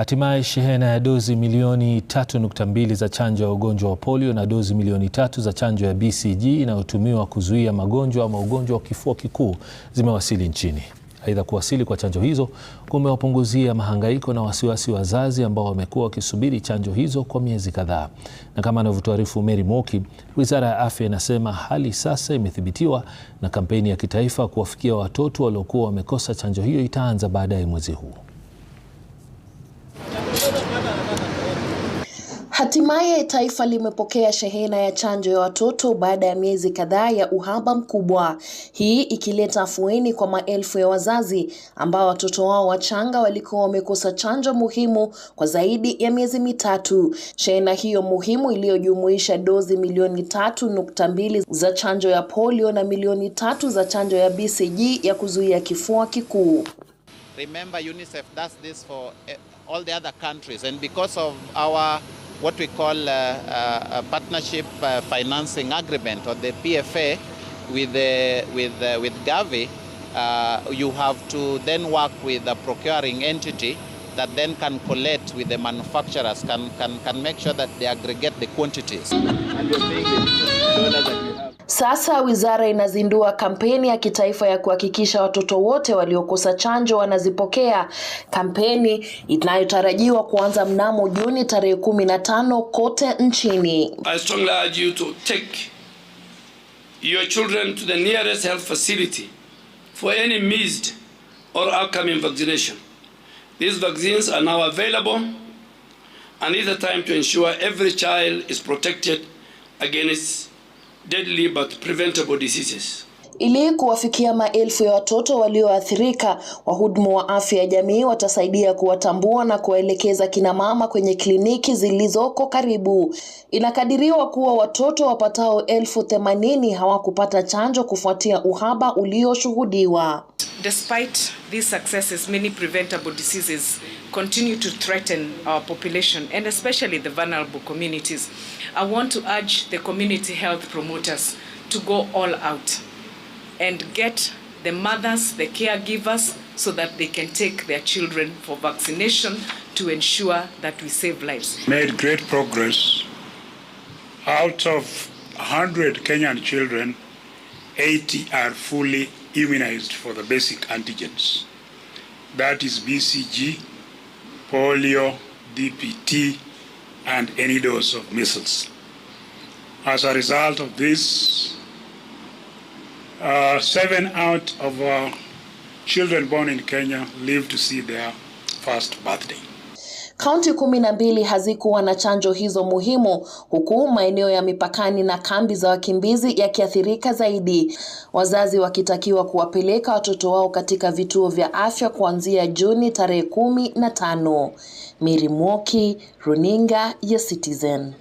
Hatimaye shehena ya dozi milioni 3.2 za chanjo ya ugonjwa wa polio na dozi milioni tatu za chanjo ya BCG inayotumiwa kuzuia magonjwa ama ugonjwa wa kifua kikuu zimewasili nchini. Aidha, kuwasili kwa chanjo hizo kumewapunguzia mahangaiko na wasiwasi wazazi ambao wamekuwa wakisubiri chanjo hizo kwa miezi kadhaa. Na kama anavyotuarifu Mary Mwoki, Wizara ya Afya inasema hali sasa imethibitiwa na kampeni ya kitaifa kuwafikia watoto waliokuwa wamekosa chanjo hiyo itaanza baadaye mwezi huu. Hatimaye taifa limepokea shehena ya chanjo ya watoto baada ya miezi kadhaa ya uhaba mkubwa, hii ikileta afueni kwa maelfu ya wazazi ambao watoto wao wachanga walikuwa wamekosa chanjo muhimu kwa zaidi ya miezi mitatu. Shehena hiyo muhimu iliyojumuisha dozi milioni tatu nukta mbili za chanjo ya polio na milioni tatu za chanjo ya BCG ya kuzuia kifua kikuu. Remember UNICEF does this for eh, all the other countries and because of our what we call a, uh, uh, a partnership uh, financing agreement or the PFA with, with, with Gavi, you have to then work with a procuring entity that then can collate with the manufacturers, can, can, can make sure that they aggregate the quantities. Sasa wizara inazindua kampeni ya kitaifa ya kuhakikisha watoto wote waliokosa chanjo wanazipokea, kampeni inayotarajiwa kuanza mnamo Juni tarehe kumi na tano kote nchini. I strongly urge you to take your children to the nearest health facility for any missed or upcoming vaccination. These vaccines are now available and it's a time to ensure every child is protected against deadly but preventable diseases. Ili kuwafikia maelfu ya watoto walioathirika, wahudumu wa afya ya jamii watasaidia kuwatambua na kuwaelekeza kina mama kwenye kliniki zilizoko karibu. Inakadiriwa kuwa watoto wapatao elfu themanini hawakupata chanjo kufuatia uhaba ulioshuhudiwa. Despite these successes, many preventable diseases continue to threaten our population and especially the vulnerable communities. I want to urge the community health promoters to go all out and get the mothers, the caregivers, so that they can take their children for vaccination to ensure that we save lives. Made great progress. Out of 100 Kenyan children, 80 are fully immunized for the basic antigens. That is BCG, polio, DPT, and any dose of measles. As a result of this, uh, seven out of uh, children born in Kenya live to see their first birthday. Kaunti kumi na mbili hazikuwa na chanjo hizo muhimu, huku maeneo ya mipakani na kambi za wakimbizi yakiathirika zaidi, wazazi wakitakiwa kuwapeleka watoto wao katika vituo vya afya kuanzia Juni tarehe kumi na tano. Miri Mwoki, runinga ya Citizen.